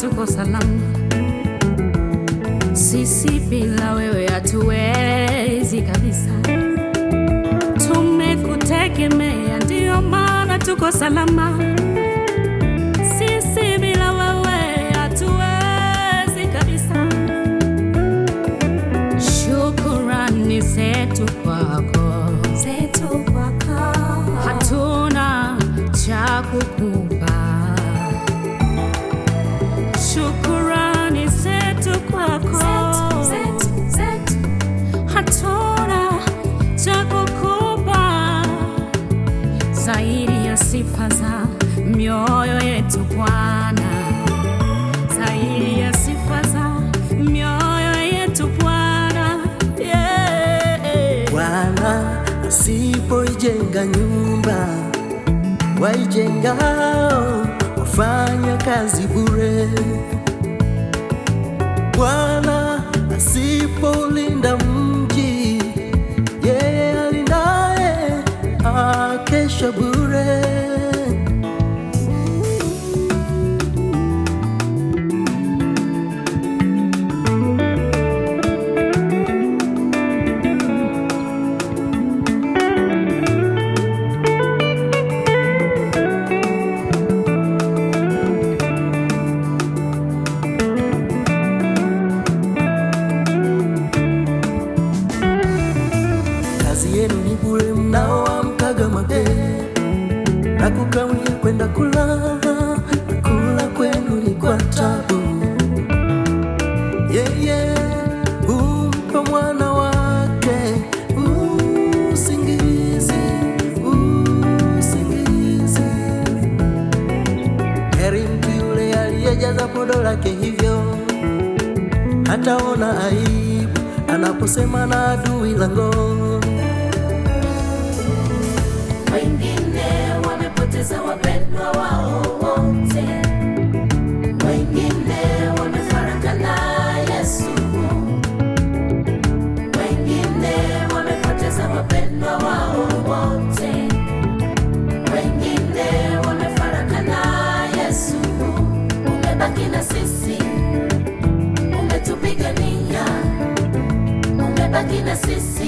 tuko salama sisi, bila wewe hatuwezi kabisa. Tumekutegemea, ndio maana tuko salama. zile sifa za mioyo yetu Bwana, zaidi ya sifa za mioyo yetu Bwana. Bwana asipoijenga nyumba, waijengao wafanya kazi bure. Bwana asipoulinda na kukawia kwenda kulala, kula kwenu ni kwa tabu yeye yeah, mwana wake usingizi usingizi, heri mtu yule aliyejaza podo lake hivyo, hataona aibu anaposema na adui lango wamepoteza wapendwa wao wote, wengine wamefaraka Yesu, wengine wamepoteza wapendwa wao wote, wengine Yesu. Umebaki na sisi, umetupigania, umebaki na sisi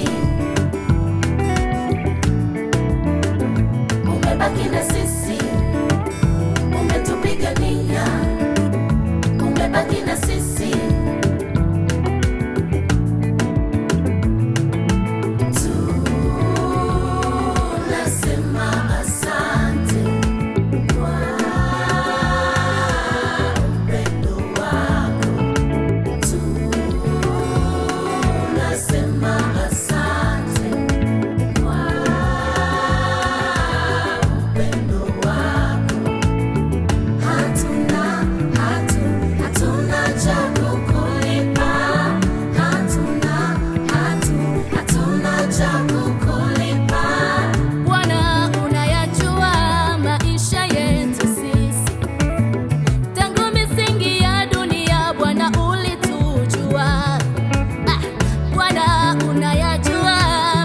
unayajua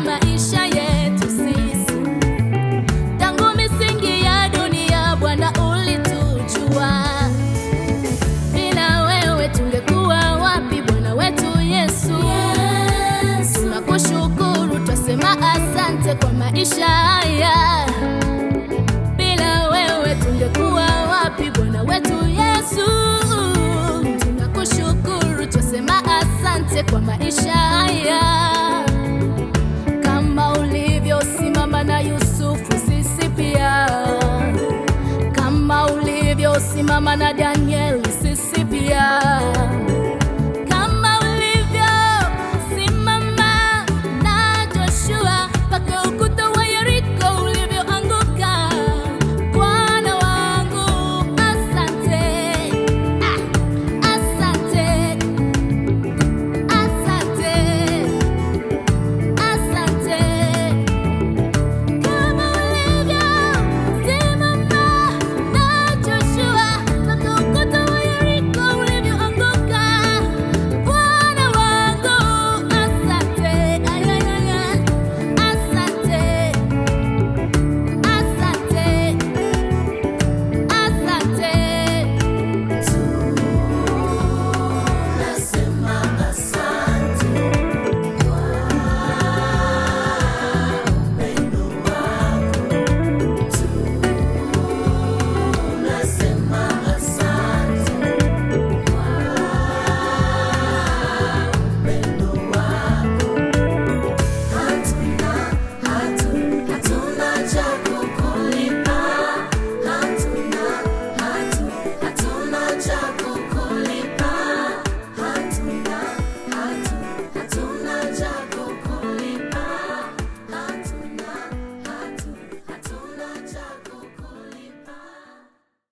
maisha yetu sisi, tangu misingi ya Bwana ulitujua. wewe wapi Bwana wetu asante kwa maisha ni mama na Daniel Sisipia